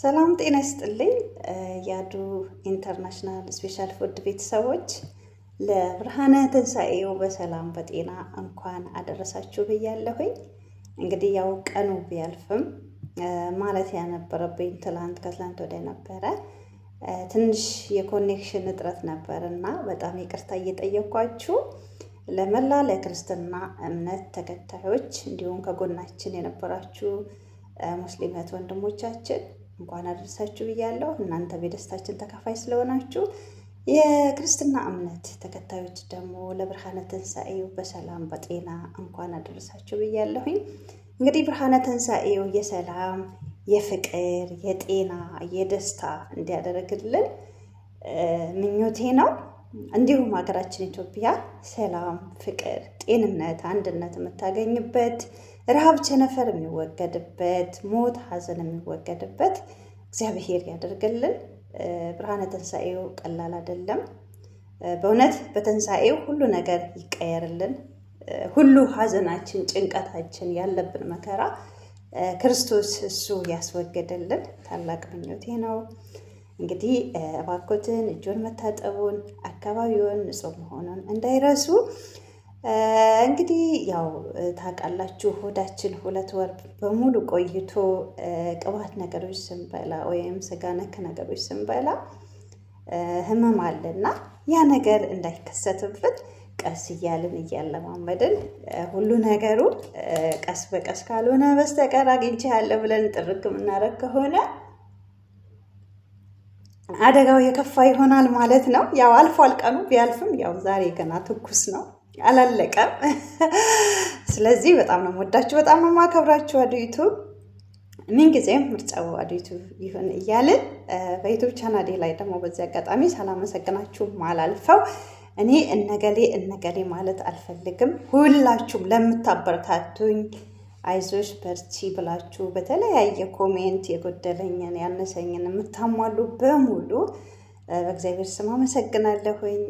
ሰላም ጤና ይስጥልኝ። ያዱ ኢንተርናሽናል ስፔሻል ፉድ ቤተሰቦች ለብርሃነ ትንሣኤው በሰላም በጤና እንኳን አደረሳችሁ ብያለሁኝ። እንግዲህ ያው ቀኑ ቢያልፍም ማለት ያነበረብኝ ትላንት ከትላንት ወደ ነበረ ትንሽ የኮኔክሽን እጥረት ነበር እና በጣም ይቅርታ እየጠየኳችሁ ለመላ ለክርስትና እምነት ተከታዮች እንዲሁም ከጎናችን የነበራችሁ ሙስሊም ወንድሞቻችን እንኳን አደረሳችሁ ብያለሁ። እናንተ በደስታችን ተካፋይ ስለሆናችሁ የክርስትና እምነት ተከታዮች ደግሞ ለብርሃነ ትንሣኤው በሰላም በጤና እንኳን አደረሳችሁ ብያለሁኝ። እንግዲህ ብርሃነ ትንሣኤው የሰላም የፍቅር፣ የጤና፣ የደስታ እንዲያደርግልን ምኞቴ ነው። እንዲሁም ሀገራችን ኢትዮጵያ ሰላም፣ ፍቅር፣ ጤንነት፣ አንድነት የምታገኝበት ረሃብ፣ ቸነፈር የሚወገድበት ሞት፣ ሀዘን የሚወገድበት እግዚአብሔር ያደርግልን። ብርሃነ ትንሣኤው ቀላል አይደለም። በእውነት በትንሣኤው ሁሉ ነገር ይቀየርልን። ሁሉ ሀዘናችን፣ ጭንቀታችን፣ ያለብን መከራ ክርስቶስ እሱ ያስወገደልን ታላቅ ምኞቴ ነው። እንግዲህ እባኮትን እጆን መታጠቡን አካባቢውን ንጹህ መሆኑን እንዳይረሱ። እንግዲህ ያው ታውቃላችሁ ሆዳችን ሁለት ወር በሙሉ ቆይቶ ቅባት ነገሮች ስንበላ ወይም ስጋ ነክ ነገሮች ስንበላ ህመም አለና ያ ነገር እንዳይከሰትብን ቀስ እያልን እያለማመድን ሁሉ ነገሩ ቀስ በቀስ ካልሆነ በስተቀር አግኝቼ ያለ ብለን ጥርግ የምናደርግ ከሆነ አደጋው የከፋ ይሆናል ማለት ነው። ያው አልፏል ቀኑ ቢያልፍም ያው ዛሬ ገና ትኩስ ነው አላለቀም። ስለዚህ በጣም ነው የምወዳችሁ፣ በጣም ነው የማከብራችሁ። አዱ ዩቱብ ምን ጊዜም ምርጫው አዱ ዩቱብ ይሁን እያልን በዩቱብ ቻናሌ ላይ ደግሞ በዚህ አጋጣሚ ሳላመሰግናችሁ አላልፈው። እኔ እነገሌ እነገሌ ማለት አልፈልግም። ሁላችሁም ለምታበረታቱኝ አይዞሽ በርቺ ብላችሁ በተለያየ ኮሜንት የጎደለኝን ያነሰኝን የምታሟሉ በሙሉ በእግዚአብሔር ስም አመሰግናለሁኝ።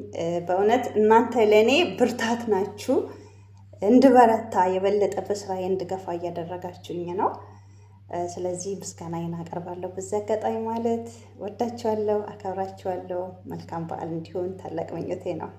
በእውነት እናንተ ለእኔ ብርታት ናችሁ። እንድበረታ የበለጠ በስራዬ እንድገፋ እያደረጋችሁኝ ነው። ስለዚህ ምስጋናዬን አቀርባለሁ በዚህ አጋጣሚ ማለት ወዳችኋለሁ፣ አከብራችኋለሁ። መልካም በዓል እንዲሆን ታላቅ ምኞቴ ነው።